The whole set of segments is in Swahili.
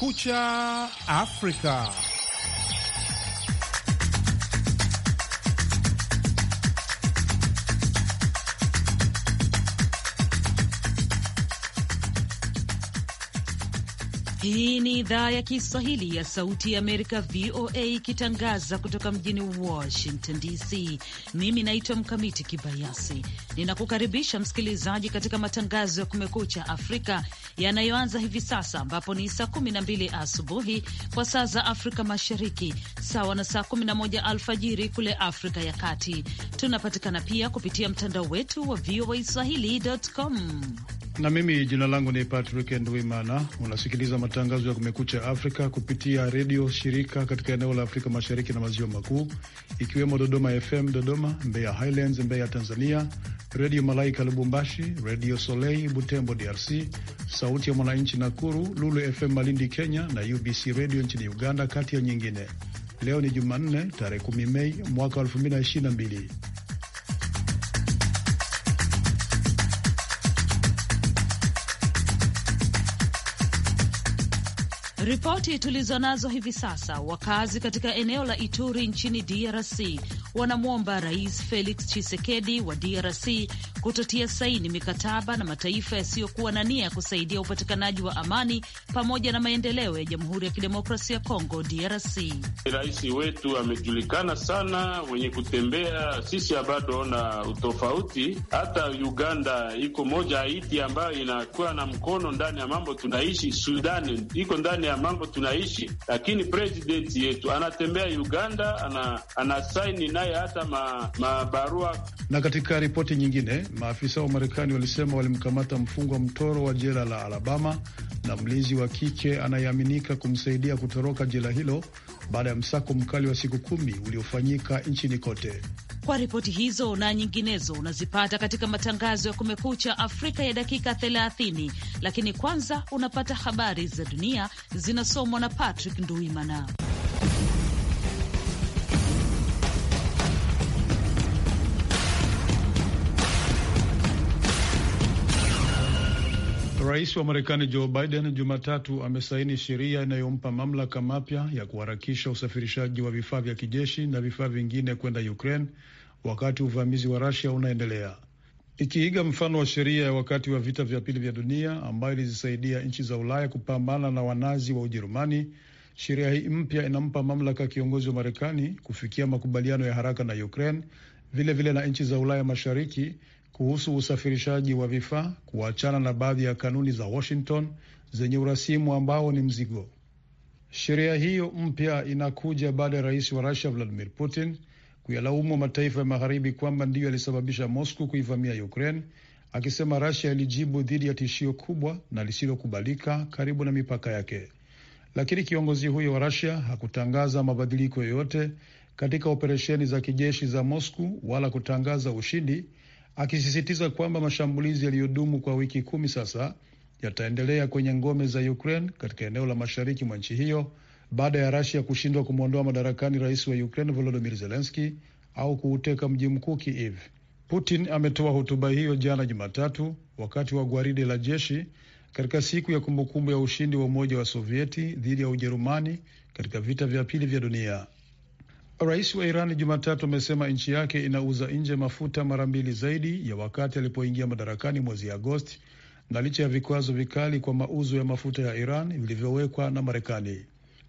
Kumekucha Afrika. Hii ni idhaa ya Kiswahili ya Sauti ya Amerika, VOA, ikitangaza kutoka mjini Washington DC. Mimi naitwa Mkamiti Kibayasi, ninakukaribisha msikilizaji katika matangazo ya Kumekucha Afrika yanayoanza hivi sasa, ambapo ni saa 12 asubuhi kwa saa za Afrika Mashariki, sawa na saa 11 alfajiri kule Afrika ya Kati. Tunapatikana pia kupitia mtandao wetu wa VOA swahili.com na mimi jina langu ni Patrick Ndwimana. Unasikiliza matangazo ya Kumekucha Afrika kupitia redio shirika katika eneo la Afrika Mashariki na Maziwa Makuu, ikiwemo Dodoma FM Dodoma, Mbeya Highlands Mbeya Tanzania, Redio Malaika Lubumbashi, Redio Soleil Butembo DRC, Sauti ya Mwananchi Nakuru, Lulu FM Malindi Kenya na UBC Redio nchini Uganda, kati ya nyingine. Leo ni Jumanne, tarehe 10 Mei mwaka 2022. Ripoti tulizo nazo hivi sasa, wakazi katika eneo la Ituri nchini DRC wanamwomba Rais Felix Tshisekedi wa DRC kutotia saini mikataba na mataifa yasiyokuwa na nia ya kusaidia upatikanaji wa amani pamoja na maendeleo ya Jamhuri ya Kidemokrasia ya Kongo, DRC. Rais wetu amejulikana sana, wenye kutembea sisi bado na utofauti. Hata Uganda iko moja, Haiti ambayo inakuwa na mkono ndani ya mambo tunaishi, Sudani iko ndani ya mambo tunaishi, lakini presidenti yetu anatembea Uganda, anasaini ana naye hata mabarua ma. Na katika ripoti nyingine Maafisa wa Marekani walisema walimkamata mfungwa mtoro wa jela la Alabama na mlinzi wa kike anayeaminika kumsaidia kutoroka jela hilo baada ya msako mkali wa siku kumi uliofanyika nchini kote. Kwa ripoti hizo na nyinginezo unazipata katika matangazo ya Kumekucha Afrika ya dakika 30, lakini kwanza unapata habari za dunia zinasomwa na Patrick Nduimana. Rais wa Marekani Joe Biden Jumatatu amesaini sheria inayompa mamlaka mapya ya kuharakisha usafirishaji wa vifaa vya kijeshi na vifaa vingine kwenda Ukraine wakati uvamizi wa rasia unaendelea, ikiiga mfano wa sheria ya wakati wa vita vya pili vya dunia ambayo ilizisaidia nchi za Ulaya kupambana na wanazi wa Ujerumani. Sheria hii mpya inampa mamlaka kiongozi wa Marekani kufikia makubaliano ya haraka na Ukraine, vilevile vile na nchi za Ulaya Mashariki kuhusu usafirishaji wa vifaa kuachana na baadhi ya kanuni za Washington zenye urasimu ambao ni mzigo. Sheria hiyo mpya inakuja baada ya rais wa Rusia Vladimir Putin kuyalaumu mataifa ya magharibi kwamba ndiyo yalisababisha Moscow kuivamia Ukraine, akisema Rusia ilijibu dhidi ya tishio kubwa na lisilokubalika karibu na mipaka yake. Lakini kiongozi huyo wa Rusia hakutangaza mabadiliko yoyote katika operesheni za kijeshi za Moscow wala kutangaza ushindi akisisitiza kwamba mashambulizi yaliyodumu kwa wiki kumi sasa yataendelea kwenye ngome za Ukraine katika eneo la mashariki mwa nchi hiyo baada ya Rasia kushindwa kumwondoa madarakani rais wa Ukraine Volodymyr Zelensky au kuuteka mji mkuu Kiev. Putin ametoa hotuba hiyo jana Jumatatu wakati wa gwaride la jeshi katika siku ya kumbukumbu ya ushindi wa Umoja wa Sovieti dhidi ya Ujerumani katika vita vya pili vya dunia. Rais wa Iran Jumatatu amesema nchi yake inauza nje mafuta mara mbili zaidi ya wakati alipoingia madarakani mwezi Agosti, na licha ya vikwazo vikali kwa mauzo ya mafuta ya Iran vilivyowekwa na Marekani.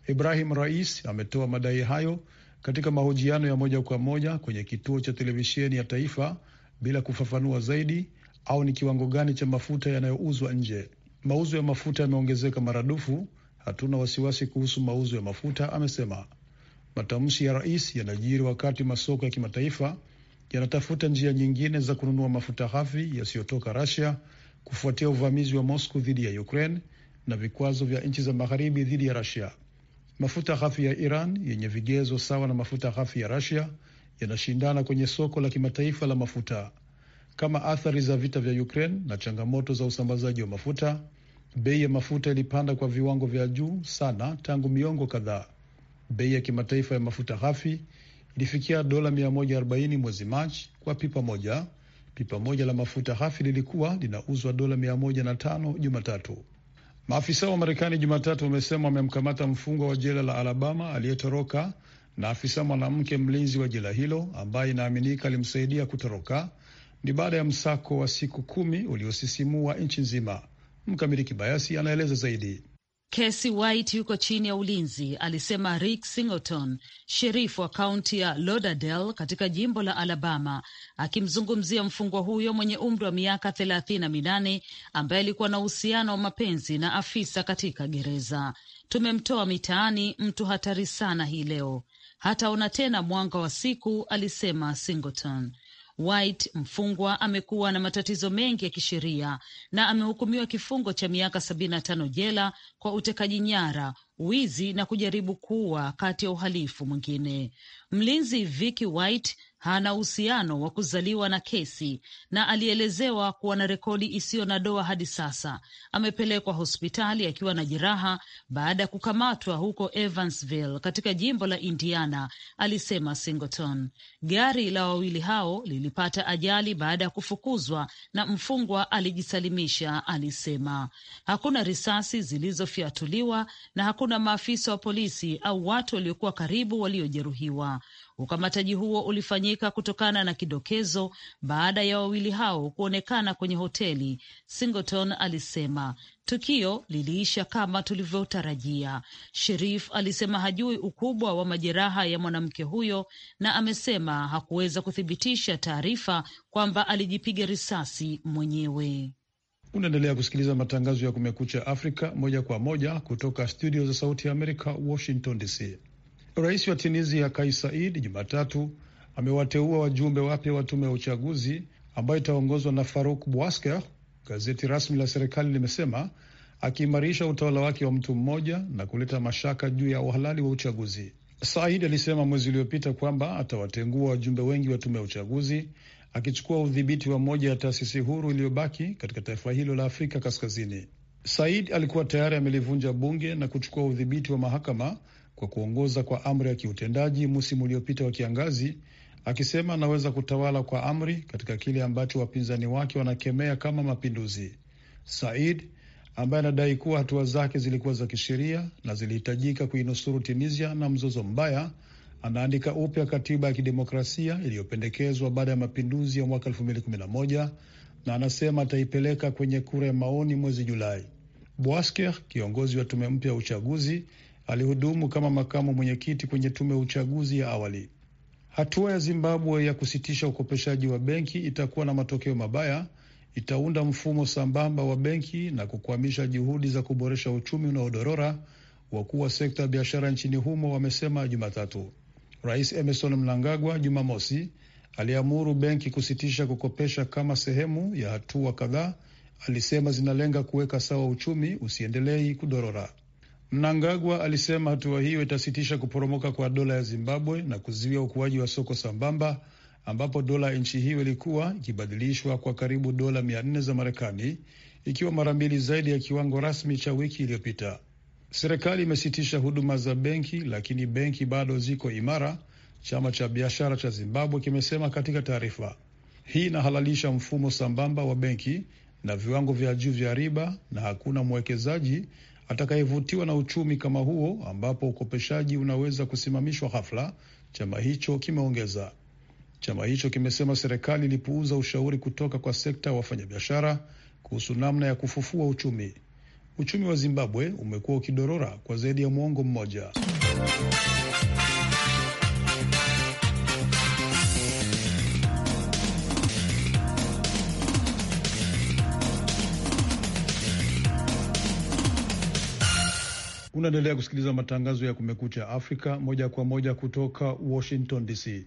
Ibrahim Rais ametoa madai hayo katika mahojiano ya moja kwa moja kwenye kituo cha televisheni ya taifa bila kufafanua zaidi au ni kiwango gani cha mafuta yanayouzwa nje. Mauzo ya mafuta yameongezeka maradufu, hatuna wasiwasi kuhusu mauzo ya mafuta, amesema. Matamshi ya rais yanajiri wakati masoko ya kimataifa yanatafuta njia nyingine za kununua mafuta ghafi yasiyotoka rasia kufuatia uvamizi wa Moscow dhidi ya Ukraine na vikwazo vya nchi za magharibi dhidi ya rasia Mafuta ghafi ya Iran yenye vigezo sawa na mafuta ghafi ya rasia yanashindana kwenye soko la kimataifa la mafuta. Kama athari za vita vya Ukraine na changamoto za usambazaji wa mafuta, bei ya mafuta ilipanda kwa viwango vya juu sana tangu miongo kadhaa. Bei ya kimataifa ya mafuta ghafi ilifikia dola 140 mwezi Machi kwa pipa moja. Pipa moja la mafuta ghafi lilikuwa linauzwa dola 105 Jumatatu. Maafisa wa Marekani Jumatatu wamesema wamemkamata mfungwa wa jela la Alabama aliyetoroka na afisa mwanamke mlinzi wa jela hilo ambaye inaaminika alimsaidia kutoroka. Ni baada ya msako wa siku kumi uliosisimua nchi nzima. Mkamili Kibayasi anaeleza zaidi kesi White yuko chini ya ulinzi, alisema Rick Singleton, sherifu wa kaunti ya Lauderdale katika jimbo la Alabama, akimzungumzia mfungwa huyo mwenye umri wa miaka thelathini na minane ambaye alikuwa na uhusiano wa mapenzi na afisa katika gereza. Tumemtoa mitaani, mtu hatari sana hii leo, hataona tena mwanga wa siku, alisema Singleton. White mfungwa amekuwa na matatizo mengi ya kisheria na amehukumiwa kifungo cha miaka 75 jela kwa utekaji nyara, wizi na kujaribu kuua, kati ya uhalifu mwingine. Mlinzi Vicky White hana uhusiano wa kuzaliwa na kesi na alielezewa kuwa na rekodi isiyo na doa hadi sasa. Amepelekwa hospitali akiwa na jeraha baada ya kukamatwa huko Evansville katika jimbo la Indiana, alisema Singleton. Gari la wawili hao lilipata ajali baada ya kufukuzwa na mfungwa alijisalimisha, alisema. Hakuna risasi zilizofyatuliwa na hakuna maafisa wa polisi au watu waliokuwa karibu waliojeruhiwa. Ukamataji huo ulifanyika kutokana na kidokezo baada ya wawili hao kuonekana kwenye hoteli. Singleton alisema tukio liliisha kama tulivyotarajia. Sherif alisema hajui ukubwa wa majeraha ya mwanamke huyo, na amesema hakuweza kuthibitisha taarifa kwamba alijipiga risasi mwenyewe. Unaendelea kusikiliza matangazo ya Kumekucha Afrika moja kwa moja kutoka studio za Sauti ya Amerika, Washington DC. Rais wa Tunisia Kais Saied Jumatatu amewateua wajumbe wapya wa tume ya uchaguzi ambayo itaongozwa na Farouk Bouasker, gazeti rasmi la serikali limesema, akiimarisha utawala wake wa mtu mmoja na kuleta mashaka juu ya uhalali wa uchaguzi. Said alisema mwezi uliopita kwamba atawatengua wajumbe wengi wa tume ya uchaguzi, akichukua udhibiti wa moja ya taasisi huru iliyobaki katika taifa hilo la Afrika Kaskazini. Said alikuwa tayari amelivunja bunge na kuchukua udhibiti wa mahakama kwa kuongoza kwa amri ya kiutendaji msimu uliopita wa kiangazi, akisema anaweza kutawala kwa amri katika kile ambacho wapinzani wake wanakemea kama mapinduzi. Said ambaye anadai kuwa hatua zake zilikuwa za kisheria na zilihitajika kuinusuru Tunisia na mzozo mbaya, anaandika upya katiba ya kidemokrasia iliyopendekezwa baada ya mapinduzi ya mwaka 2011 na anasema ataipeleka kwenye kura ya maoni mwezi Julai. Bwasker, kiongozi wa tume mpya ya uchaguzi, alihudumu kama makamu mwenyekiti kwenye tume ya uchaguzi ya awali. Hatua ya Zimbabwe ya kusitisha ukopeshaji wa benki itakuwa na matokeo mabaya, itaunda mfumo sambamba wa benki na kukwamisha juhudi za kuboresha uchumi unaodorora, wakuu wa sekta ya biashara nchini humo wamesema Jumatatu. Rais Emerson Mnangagwa Jumamosi aliamuru benki kusitisha kukopesha kama sehemu ya hatua kadhaa alisema zinalenga kuweka sawa uchumi usiendelei kudorora. Mnangagwa alisema hatua hiyo itasitisha kuporomoka kwa dola ya Zimbabwe na kuzuia ukuaji wa soko sambamba ambapo dola ya nchi hiyo ilikuwa ikibadilishwa kwa karibu dola mia nne za Marekani, ikiwa mara mbili zaidi ya kiwango rasmi cha wiki iliyopita. Serikali imesitisha huduma za benki, lakini benki bado ziko imara, chama cha biashara cha Zimbabwe kimesema katika taarifa. Hii inahalalisha mfumo sambamba wa benki na viwango vya juu vya riba, na hakuna mwekezaji atakayevutiwa na uchumi kama huo ambapo ukopeshaji unaweza kusimamishwa ghafla, chama hicho kimeongeza. Chama hicho kimesema serikali ilipuuza ushauri kutoka kwa sekta ya wafanyabiashara kuhusu namna ya kufufua uchumi. Uchumi wa Zimbabwe umekuwa ukidorora kwa zaidi ya mwongo mmoja. Unaendelea kusikiliza matangazo ya Kumekucha Afrika moja kwa moja kutoka Washington DC.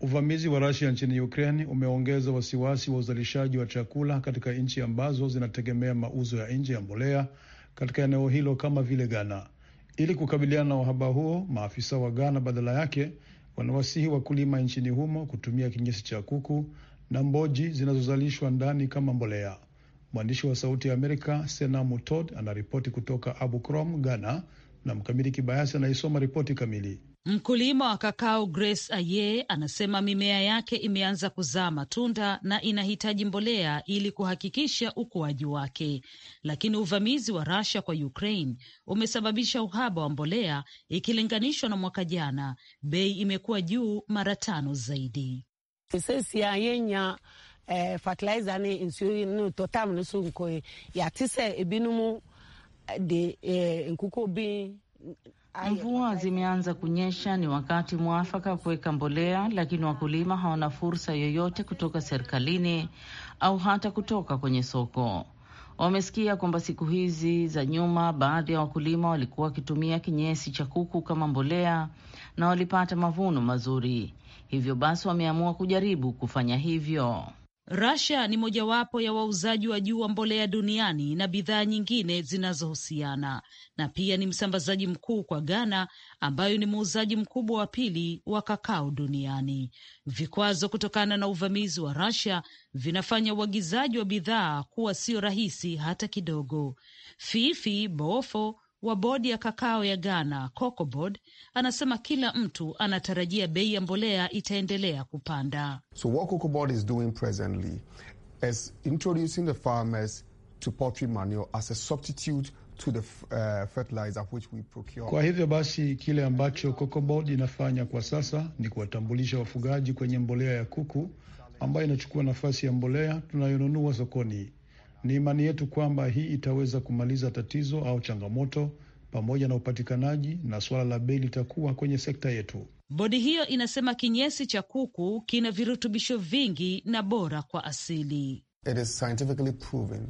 Uvamizi wa Rusia nchini Ukraine umeongeza wasiwasi wa uzalishaji wa chakula katika nchi ambazo zinategemea mauzo ya nje ya mbolea katika eneo hilo kama vile Ghana. Ili kukabiliana na uhaba huo, maafisa wa Ghana badala yake wanawasihi wakulima nchini humo kutumia kinyesi cha kuku na mboji zinazozalishwa ndani kama mbolea. Mwandishi wa Sauti ya Amerika Sena Mutod anaripoti kutoka Abu Krom, Ghana, na Mkamili Kibayasi anaisoma ripoti kamili. Mkulima wa kakao Grace Aye anasema mimea yake imeanza kuzaa matunda na inahitaji mbolea ili kuhakikisha ukuaji wake, lakini uvamizi wa Russia kwa Ukraine umesababisha uhaba wa mbolea. Ikilinganishwa na mwaka jana, bei imekuwa juu mara tano zaidi. Sisi ya yenya eh, fertilizer ne nsuo ne tɔtam no so nkɔ yi yɛate sɛ ebinom de eh, nkuko bi Mvua zimeanza kunyesha, ni wakati mwafaka kuweka mbolea, lakini wakulima hawana fursa yoyote kutoka serikalini au hata kutoka kwenye soko. Wamesikia kwamba siku hizi za nyuma baadhi ya wakulima walikuwa wakitumia kinyesi cha kuku kama mbolea na walipata mavuno mazuri, hivyo basi wameamua kujaribu kufanya hivyo. Rasia ni mojawapo ya wauzaji wa juu wa mbolea duniani na bidhaa nyingine zinazohusiana na pia ni msambazaji mkuu kwa Ghana ambayo ni muuzaji mkubwa wa pili wa kakao duniani. Vikwazo kutokana na uvamizi wa Rasia vinafanya uagizaji wa bidhaa kuwa sio rahisi hata kidogo. Fifi Bofo, wa bodi ya kakao ya Ghana, Cocobod, anasema kila mtu anatarajia bei ya mbolea itaendelea kupanda. So what Cocobod is doing presently is introducing the farmers to poultry manure as a substitute to the uh, fertilizer which we procure. Kwa hivyo basi kile ambacho Cocobod inafanya kwa sasa ni kuwatambulisha wafugaji kwenye mbolea ya kuku ambayo inachukua nafasi ya mbolea tunayonunua sokoni. Ni imani yetu kwamba hii itaweza kumaliza tatizo au changamoto pamoja na upatikanaji na suala la bei litakuwa kwenye sekta yetu. Bodi hiyo inasema kinyesi cha kuku kina virutubisho vingi na bora kwa asili. It is scientifically proven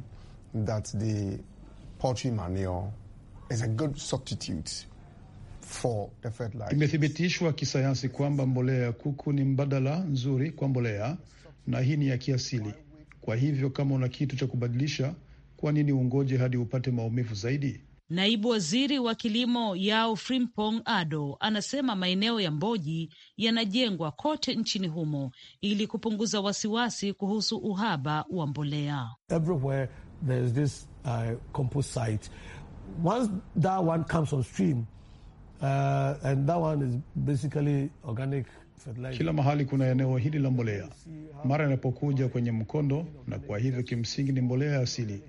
that the poultry manure is a good substitute for the fertilizer. Imethibitishwa kisayansi kwamba mbolea ya kuku ni mbadala nzuri kwa mbolea, na hii ni ya kiasili kwa hivyo kama una kitu cha kubadilisha, kwa nini ungoje hadi upate maumivu zaidi? Naibu waziri wa kilimo Yao Frimpong Ado anasema maeneo ya mboji yanajengwa kote nchini humo ili kupunguza wasiwasi kuhusu uhaba wa mbolea. Kila mahali kuna eneo hili la mbolea mara inapokuja kwenye mkondo, na kwa hivyo kimsingi ni mbolea ya asili.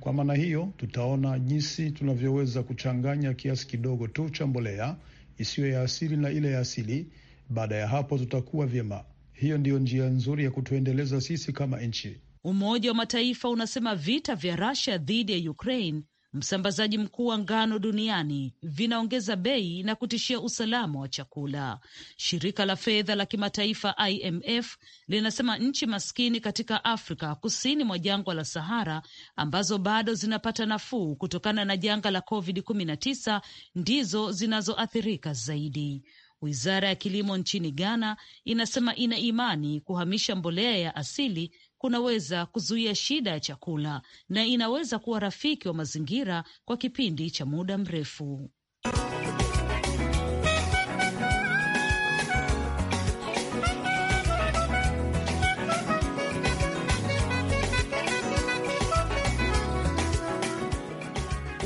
Kwa maana hiyo, tutaona jinsi tunavyoweza kuchanganya kiasi kidogo tu cha mbolea isiyo ya asili na ile ya asili. Baada ya hapo, tutakuwa vyema. Hiyo ndiyo njia nzuri ya kutuendeleza sisi kama nchi. Umoja wa Mataifa unasema vita vya Russia dhidi ya Ukraine msambazaji mkuu wa ngano duniani vinaongeza bei na kutishia usalama wa chakula. Shirika la fedha la kimataifa IMF linasema nchi maskini katika Afrika kusini mwa jangwa la Sahara ambazo bado zinapata nafuu kutokana na janga la COVID-19 ndizo zinazoathirika zaidi. Wizara ya kilimo nchini Ghana inasema ina imani kuhamisha mbolea ya asili kunaweza kuzuia shida ya chakula na inaweza kuwa rafiki wa mazingira kwa kipindi cha muda mrefu.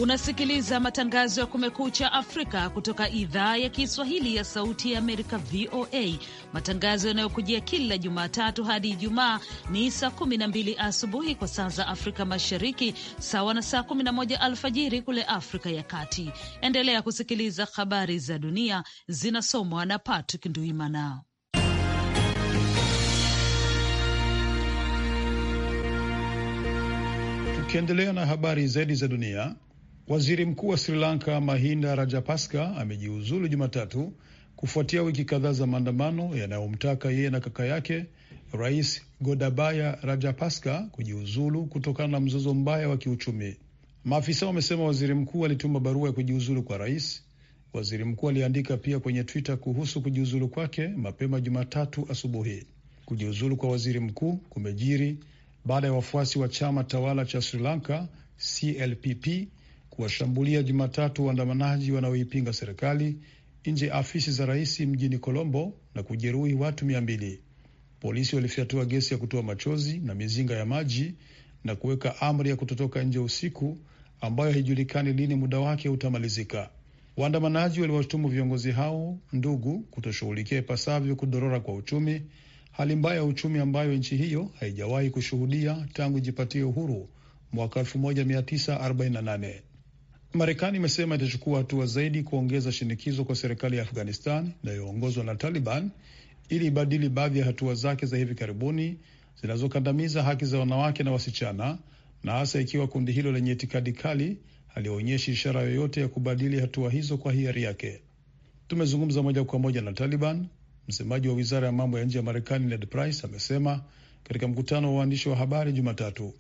Unasikiliza matangazo ya Kumekucha Afrika kutoka idhaa ya Kiswahili ya Sauti ya Amerika, VOA. Matangazo yanayokujia kila Jumatatu hadi Ijumaa ni saa 12 asubuhi kwa saa za Afrika Mashariki, sawa na saa 11 alfajiri kule Afrika ya Kati. Endelea kusikiliza habari za dunia, zinasomwa na Patrick Nduimana. Tukiendelea na habari zaidi za dunia. Waziri mkuu wa Sri Lanka Mahinda Rajapaksa amejiuzulu Jumatatu kufuatia wiki kadhaa za maandamano yanayomtaka yeye na kaka yake Rais godabaya Rajapaksa kujiuzulu kutokana na mzozo mbaya wa kiuchumi. Maafisa wamesema waziri mkuu alituma barua ya kujiuzulu kwa rais. Waziri mkuu aliandika pia kwenye Twitter kuhusu kujiuzulu kwake mapema Jumatatu asubuhi. Kujiuzulu kwa waziri mkuu kumejiri baada ya wafuasi wa chama tawala cha Sri Lanka CLPP kuwashambulia Jumatatu waandamanaji wanaoipinga serikali nje ya afisi za rais mjini Colombo na kujeruhi watu mia mbili. Polisi walifyatua gesi ya kutoa machozi na mizinga ya maji na kuweka amri ya kutotoka nje usiku ambayo haijulikani lini muda wake utamalizika. Waandamanaji waliwashutumu viongozi hao ndugu kutoshughulikia ipasavyo kudorora kwa uchumi, hali mbaya ya uchumi ambayo nchi hiyo haijawahi kushuhudia tangu ijipatie uhuru mwaka 1948. Marekani imesema itachukua hatua zaidi kuongeza shinikizo kwa serikali ya Afghanistan inayoongozwa na Taliban ili ibadili baadhi ya hatua zake za hivi karibuni zinazokandamiza haki za wanawake na wasichana, na hasa ikiwa kundi hilo lenye itikadi kali halionyeshi ishara yoyote ya kubadili hatua hizo kwa hiari yake. Tumezungumza moja kwa moja na Taliban. Msemaji wa wizara ya mambo ya nje ya Marekani Ned Price amesema katika mkutano wa waandishi wa habari Jumatatu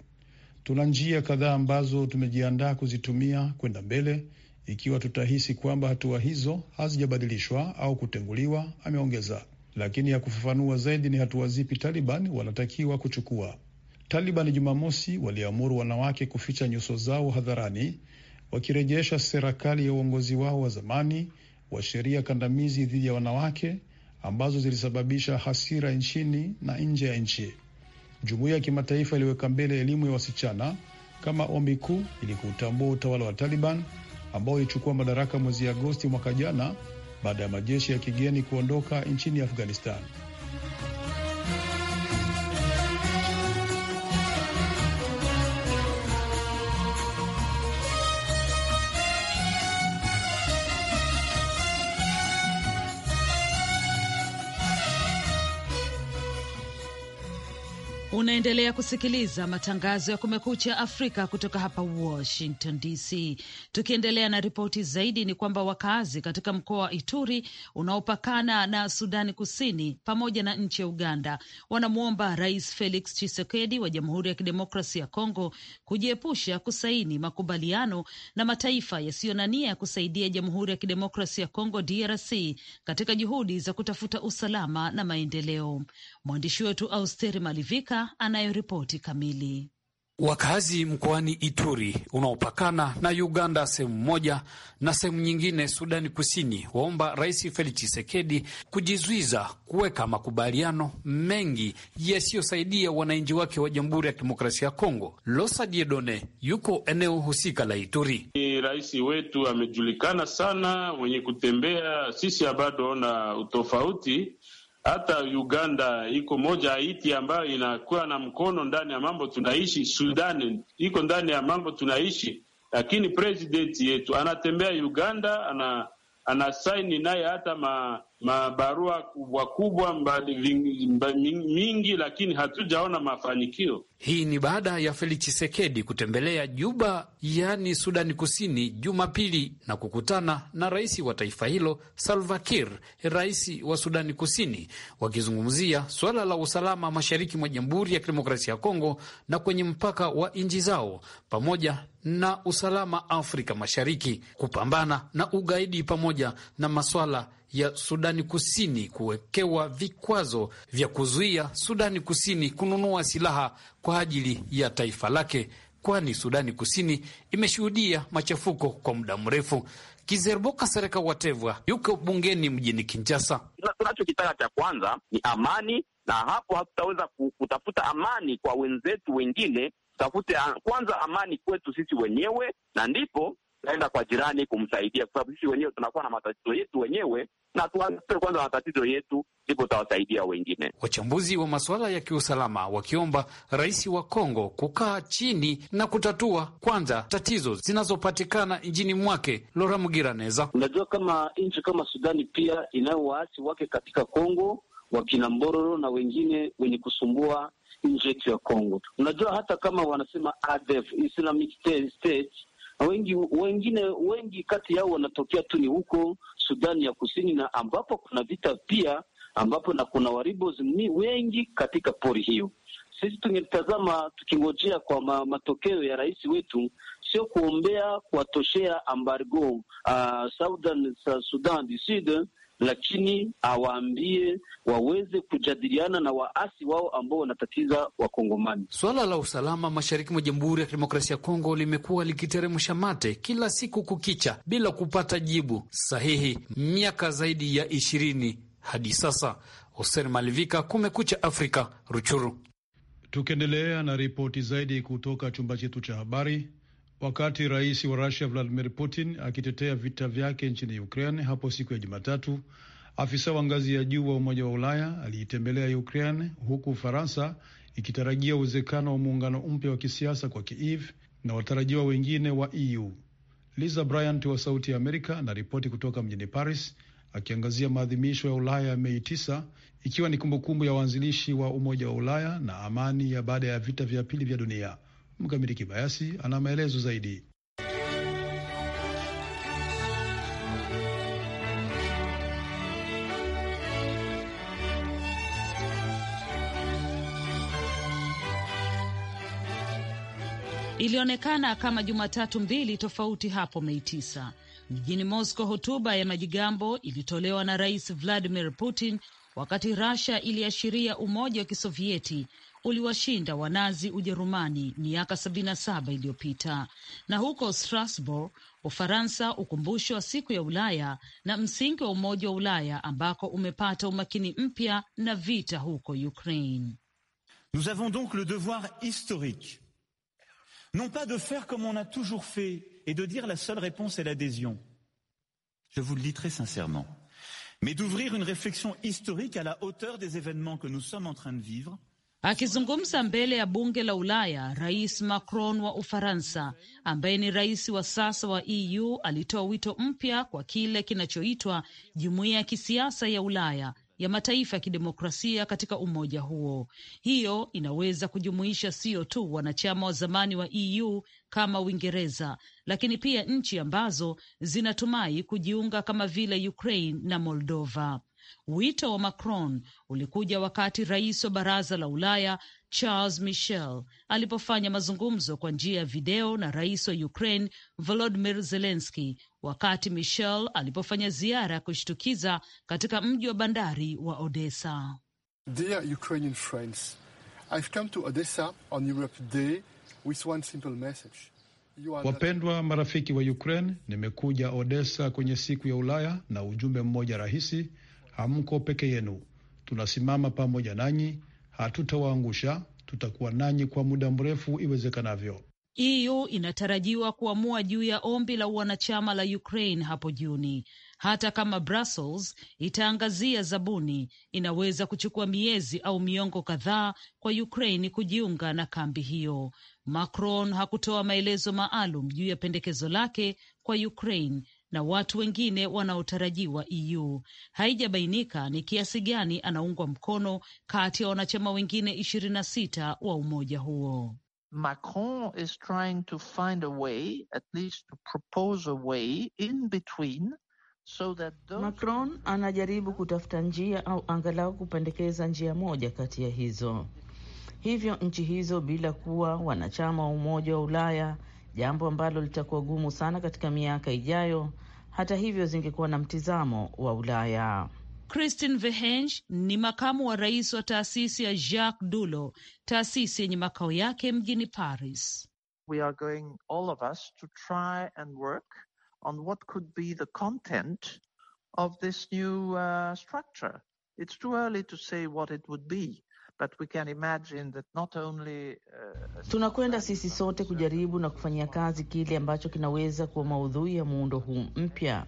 Tuna njia kadhaa ambazo tumejiandaa kuzitumia kwenda mbele ikiwa tutahisi kwamba hatua hizo hazijabadilishwa au kutenguliwa, ameongeza. Lakini ya kufafanua zaidi ni hatua zipi Taliban wanatakiwa kuchukua. Taliban Jumamosi waliamuru wanawake kuficha nyuso zao hadharani, wakirejesha serikali ya uongozi wao wa zamani wa sheria kandamizi dhidi ya wanawake ambazo zilisababisha hasira nchini na nje ya nchi. Jumuiya ya kimataifa iliweka mbele elimu ya wasichana kama ombi kuu ili kuutambua utawala wa Taliban ambao ilichukua madaraka mwezi Agosti mwaka jana baada ya majeshi ya kigeni kuondoka nchini Afghanistan. Unaendelea kusikiliza matangazo ya Kumekucha Afrika kutoka hapa Washington DC. Tukiendelea na ripoti zaidi, ni kwamba wakazi katika mkoa wa Ituri unaopakana na Sudani Kusini pamoja na nchi ya Uganda wanamwomba Rais Felix Tshisekedi wa Jamhuri ya Kidemokrasia ya Kongo kujiepusha kusaini makubaliano na mataifa yasiyo na nia ya kusaidia Jamhuri ya Kidemokrasia ya Kongo DRC katika juhudi za kutafuta usalama na maendeleo. Mwandishi wetu Austeri Malivika anayoripoti kamili. Wakazi mkoani Ituri unaopakana na Uganda sehemu moja na sehemu nyingine Sudani Kusini waomba Rais Felix Tshisekedi kujizuiza kuweka makubaliano mengi yasiyosaidia wananchi wake wa Jamhuri ya Kidemokrasia ya Kongo. Losa Diedone yuko eneo husika la Ituri. Rais wetu amejulikana sana, wenye kutembea sisi bado na utofauti hata Uganda iko moja Haiti ambayo inakuwa na mkono ndani ya mambo tunaishi, Sudani iko ndani ya mambo tunaishi, lakini presidenti yetu anatembea Uganda ana, ana saini naye hata ma mabarua kubwa kubwa mbali, mbali, mingi lakini hatujaona mafanikio. Hii ni baada ya Felix chisekedi kutembelea Juba yaani Sudani Kusini Jumapili na kukutana na rais wa taifa hilo Salva Kiir, rais wa Sudani Kusini, wakizungumzia suala la usalama mashariki mwa Jamhuri ya Kidemokrasia ya Kongo na kwenye mpaka wa nchi zao pamoja na usalama Afrika Mashariki, kupambana na ugaidi pamoja na maswala ya Sudani Kusini kuwekewa vikwazo vya kuzuia Sudani Kusini kununua silaha kwa ajili ya taifa lake, kwani Sudani Kusini imeshuhudia machafuko kwa muda mrefu. Kizerboka Sereka Watevwa yuko bungeni mjini Kinshasa. Tunachokitaka cha kwanza ni amani, na hapo hatutaweza kutafuta amani kwa wenzetu wengine, tutafute kwanza amani kwetu sisi wenyewe, na ndipo naenda kwa jirani kumsaidia, kwa sababu sisi wenyewe tunakuwa na matatizo yetu wenyewe, na tuanze kwanza matatizo yetu, ndipo tutawasaidia wengine. Wachambuzi wa masuala ya kiusalama wakiomba rais wa Kongo kukaa chini na kutatua kwanza tatizo zinazopatikana nchini mwake. Lora Mugiraneza, unajua kama nchi kama Sudani pia inayo waasi wake katika Kongo, wakina Mbororo na wengine wenye kusumbua nchi yetu ya Kongo. Unajua hata kama wanasema ADF, Islamic State wengi, wengine wengi kati yao wanatokea tu ni huko Sudani ya Kusini, na ambapo kuna vita pia, ambapo na kuna waribos wengi katika pori hiyo. Sisi tungetazama tukingojea kwa ma, matokeo ya rais wetu, sio kuombea kuwatoshea ambargo uh, Southern, Sudan du lakini awaambie waweze kujadiliana na waasi wao ambao wanatatiza Wakongomani. Suala la usalama mashariki mwa Jamhuri ya Kidemokrasia ya Kongo limekuwa likiteremsha mate kila siku kukicha bila kupata jibu sahihi miaka zaidi ya ishirini hadi sasa. Hosen Malivika, Kumekucha Afrika, Ruchuru. Tukiendelea na ripoti zaidi kutoka chumba chetu cha habari. Wakati rais wa Rusia Vladimir Putin akitetea vita vyake nchini Ukraine hapo siku ya Jumatatu, afisa wa ngazi ya juu wa Umoja wa Ulaya aliitembelea Ukraine, huku Ufaransa ikitarajia uwezekano wa muungano mpya wa kisiasa kwa Kiev na watarajiwa wengine wa EU. Lisa Bryant wa Sauti ya Amerika anaripoti kutoka mjini Paris, akiangazia maadhimisho ya Ulaya ya Mei 9 ikiwa ni kumbukumbu ya waanzilishi wa Umoja wa Ulaya na amani ya baada ya vita vya pili vya dunia. Mkamiti Kibayasi ana maelezo zaidi. Ilionekana kama Jumatatu mbili tofauti hapo Mei tisa mjini Moscow. Hotuba ya majigambo ilitolewa na Rais Vladimir Putin wakati Russia iliashiria umoja wa Kisovieti Nous avons donc le devoir historique non pas de faire comme on a toujours fait et de dire la seule réponse est l'adhésion, je vous le dis très sincèrement, mais d'ouvrir une réflexion historique à la hauteur des événements que nous sommes en train de vivre Akizungumza mbele ya bunge la Ulaya, Rais Macron wa Ufaransa, ambaye ni rais wa sasa wa EU, alitoa wito mpya kwa kile kinachoitwa jumuiya ya kisiasa ya Ulaya ya mataifa ya kidemokrasia katika umoja huo. Hiyo inaweza kujumuisha sio tu wanachama wa zamani wa EU kama Uingereza, lakini pia nchi ambazo zinatumai kujiunga kama vile Ukraine na Moldova. Wito wa Macron ulikuja wakati rais wa baraza la Ulaya Charles Michel alipofanya mazungumzo kwa njia ya video na rais wa Ukraine volodimir zelenski wakati Michel alipofanya ziara ya kushtukiza katika mji wa bandari wa Odessa. Dear Ukrainian friends, I've come to Odessa on Europe Day with one simple message. Wapendwa marafiki wa Ukraine, nimekuja Odessa kwenye siku ya Ulaya na ujumbe mmoja rahisi hamko peke yenu, tunasimama pamoja nanyi, hatutawaangusha, tutakuwa nanyi kwa muda mrefu iwezekanavyo. EU inatarajiwa kuamua juu ya ombi la wanachama la Ukraine hapo Juni. Hata kama Brussels itaangazia zabuni, inaweza kuchukua miezi au miongo kadhaa kwa Ukraine kujiunga na kambi hiyo. Macron hakutoa maelezo maalum juu ya pendekezo lake kwa Ukraine na watu wengine wanaotarajiwa EU. Haijabainika ni kiasi gani anaungwa mkono kati ya wanachama wengine ishirini na sita wa umoja huo. Macron is trying to find a way, at least to propose a way in between So that those... Macron anajaribu kutafuta njia au angalau kupendekeza njia moja kati ya hizo, hivyo nchi hizo bila kuwa wanachama wa Umoja wa Ulaya jambo ambalo litakuwa gumu sana katika miaka ijayo. Hata hivyo, zingekuwa na mtizamo wa Ulaya. Christine Vehenge ni makamu wa rais wa taasisi ya Jacques Dulo, taasisi yenye makao yake mjini Paris. We are going all of us to try and work on what could be the content of this new uh, structure. It's too early to say what it would be. Uh, Tunakwenda sisi sote kujaribu na kufanyia kazi kile ambacho kinaweza kuwa maudhui ya muundo huu mpya.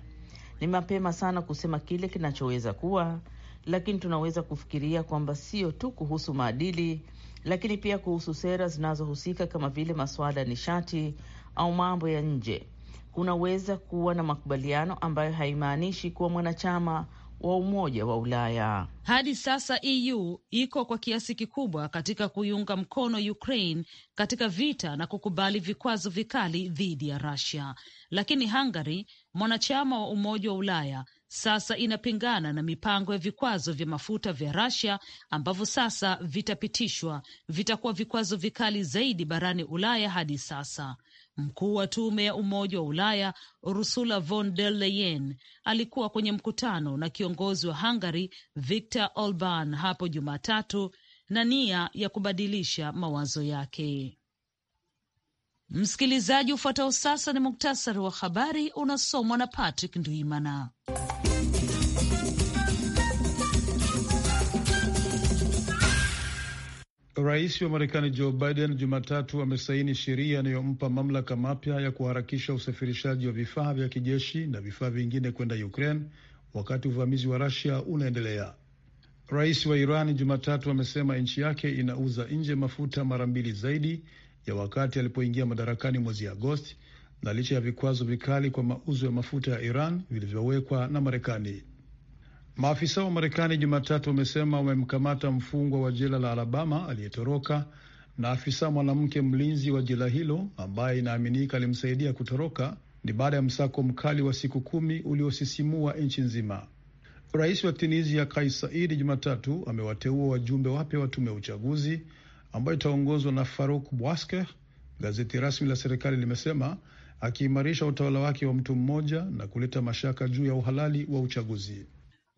Ni mapema sana kusema kile kinachoweza kuwa, lakini tunaweza kufikiria kwamba sio tu kuhusu maadili, lakini pia kuhusu sera zinazohusika kama vile masuala ya nishati au mambo ya nje. Kunaweza kuwa na makubaliano ambayo haimaanishi kuwa mwanachama wa Umoja wa Ulaya. Hadi sasa EU iko kwa kiasi kikubwa katika kuiunga mkono Ukraine katika vita na kukubali vikwazo vikali dhidi ya Russia, lakini Hungary, mwanachama wa Umoja wa Ulaya, sasa inapingana na mipango ya vikwazo vya mafuta vya Russia ambavyo sasa vitapitishwa, vitakuwa vikwazo vikali zaidi barani Ulaya hadi sasa. Mkuu wa tume ya Umoja wa Ulaya Ursula von der Leyen alikuwa kwenye mkutano na kiongozi wa Hungary Viktor Orban hapo Jumatatu na nia ya kubadilisha mawazo yake. Msikilizaji, ufuatao sasa ni muktasari wa habari unasomwa na Patrick Nduimana. Rais wa Marekani Joe Biden Jumatatu amesaini sheria inayompa mamlaka mapya ya kuharakisha usafirishaji wa vifaa vya kijeshi na vifaa vingine kwenda Ukraine wakati uvamizi wa Rusia unaendelea. Rais wa Iran Jumatatu amesema nchi yake inauza nje mafuta mara mbili zaidi ya wakati alipoingia madarakani mwezi Agosti, na licha ya vikwazo vikali kwa mauzo ya mafuta ya Iran vilivyowekwa na Marekani. Maafisa wa Marekani Jumatatu wamesema wamemkamata mfungwa wa jela la Alabama aliyetoroka na afisa mwanamke mlinzi wa jela hilo ambaye inaaminika alimsaidia kutoroka. Ni baada ya msako mkali wa siku kumi uliosisimua nchi nzima. Rais wa Tunisia Kais Saidi Jumatatu amewateua wajumbe wapya wa tume ya uchaguzi ambayo itaongozwa na Farouk Bouaske, gazeti rasmi la serikali limesema, akiimarisha utawala wake wa mtu mmoja na kuleta mashaka juu ya uhalali wa uchaguzi.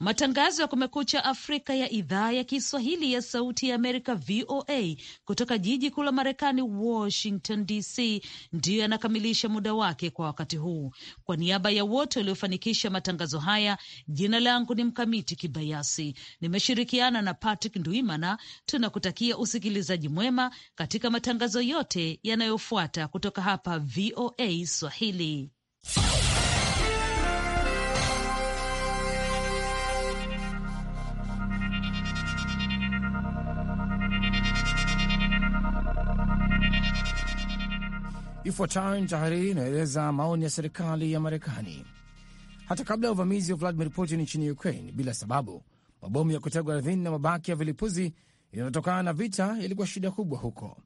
Matangazo ya Kumekucha Afrika ya idhaa ya Kiswahili ya Sauti ya Amerika, VOA, kutoka jiji kuu la Marekani, Washington DC, ndiyo yanakamilisha muda wake kwa wakati huu. Kwa niaba ya wote waliofanikisha matangazo haya, jina langu ni Mkamiti Kibayasi, nimeshirikiana na Patrick Nduimana. Tunakutakia usikilizaji mwema katika matangazo yote yanayofuata kutoka hapa VOA Swahili. Ifuatayo ni tahariri inayoeleza maoni ya serikali ya Marekani. Hata kabla ya uvamizi wa Vladimir Putin nchini Ukraine bila sababu, mabomu ya kutegwa ardhini na mabaki ya vilipuzi inayotokana na vita yalikuwa shida kubwa huko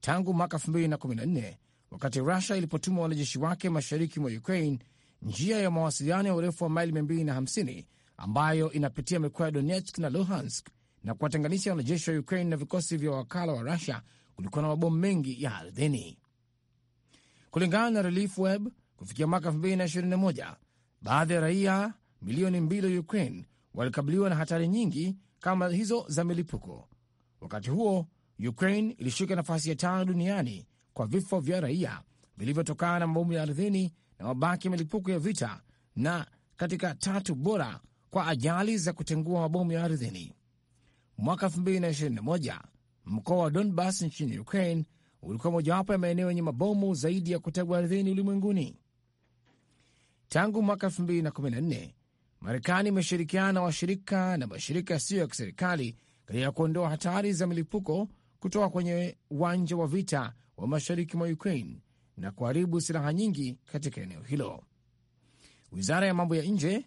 tangu mwaka 2014 wakati Rusia ilipotuma wanajeshi wake mashariki mwa Ukraine. Njia ya mawasiliano ya urefu wa maili 250 ambayo inapitia mikoa ya Donetsk na Luhansk na kuwatenganisha wanajeshi wa Ukraine na vikosi vya wakala wa Rusia kulikuwa na mabomu mengi ya ardhini. Kulingana na Relief Web, kufikia mwaka 2021 baadhi ya raia milioni mbili wa Ukraine walikabiliwa na hatari nyingi kama hizo za milipuko. Wakati huo, Ukraine ilishika nafasi ya tano duniani kwa vifo vya raia vilivyotokana na mabomu ya ardhini na mabaki ya milipuko ya vita, na katika tatu bora kwa ajali za kutengua mabomu ya ardhini. Mwaka 2021 mkoa wa Donbas nchini Ukraine ulikuwa mojawapo ya maeneo yenye mabomu zaidi ya kutegwa ardhini ulimwenguni. Tangu mwaka 2014 Marekani imeshirikiana na washirika na mashirika yasiyo ya kiserikali katika kuondoa hatari za milipuko kutoka kwenye uwanja wa vita wa mashariki mwa Ukraine na kuharibu silaha nyingi katika eneo hilo. Wizara ya mambo ya nje,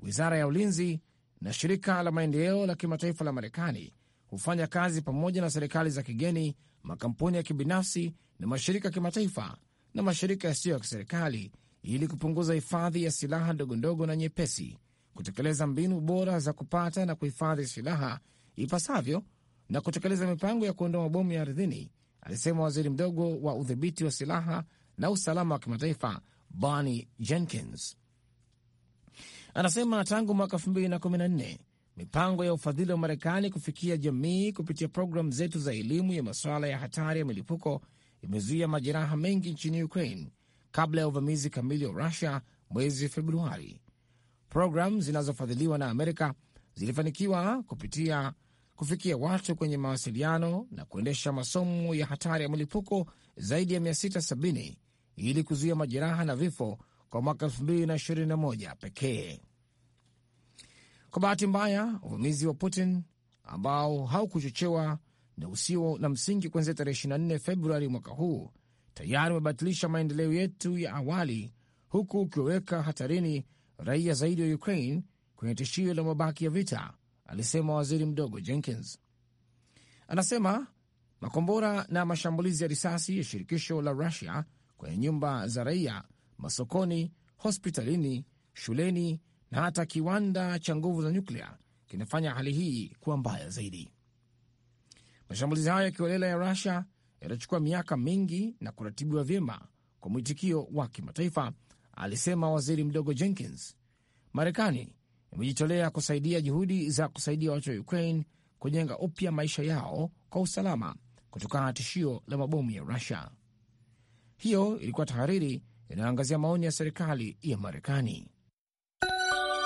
wizara ya ulinzi na shirika la maendeleo la kimataifa la Marekani hufanya kazi pamoja na serikali za kigeni makampuni ya kibinafsi na mashirika ya kimataifa na mashirika yasiyo ya kiserikali ili kupunguza hifadhi ya silaha ndogondogo na nyepesi, kutekeleza mbinu bora za kupata na kuhifadhi silaha ipasavyo na kutekeleza mipango ya kuondoa mabomu ya ardhini, alisema waziri mdogo wa udhibiti wa silaha na usalama wa kimataifa Bonnie Jenkins. Anasema tangu mwaka 2014 mipango ya ufadhili wa Marekani kufikia jamii kupitia programu zetu za elimu ya masuala ya hatari ya milipuko imezuia majeraha mengi nchini Ukraine kabla ya uvamizi kamili wa Rusia mwezi Februari. Programu zinazofadhiliwa na Amerika zilifanikiwa kupitia kufikia watu kwenye mawasiliano na kuendesha masomo ya hatari ya milipuko zaidi ya 670 ili kuzuia majeraha na vifo kwa mwaka 2021 pekee. Kwa bahati mbaya, uvamizi wa Putin ambao haukuchochewa na usio na msingi kuanzia tarehe 24 Februari mwaka huu tayari umebatilisha maendeleo yetu ya awali, huku ukiweka hatarini raia zaidi wa Ukraine kwenye tishio la mabaki ya vita, alisema waziri mdogo Jenkins. Anasema makombora na mashambulizi ya risasi ya shirikisho la Rusia kwenye nyumba za raia, masokoni, hospitalini, shuleni na hata kiwanda cha nguvu za nyuklia kinafanya hali hii kuwa mbaya zaidi. Mashambulizi hayo ya kiolela ya Rusia yatachukua miaka mingi na kuratibiwa vyema kwa mwitikio wa kimataifa, alisema waziri mdogo Jenkins. Marekani imejitolea kusaidia juhudi za kusaidia watu wa Ukraine kujenga upya maisha yao kwa usalama kutokana na tishio la mabomu ya Rusia. Hiyo ilikuwa tahariri inayoangazia maoni ya serikali ya Marekani.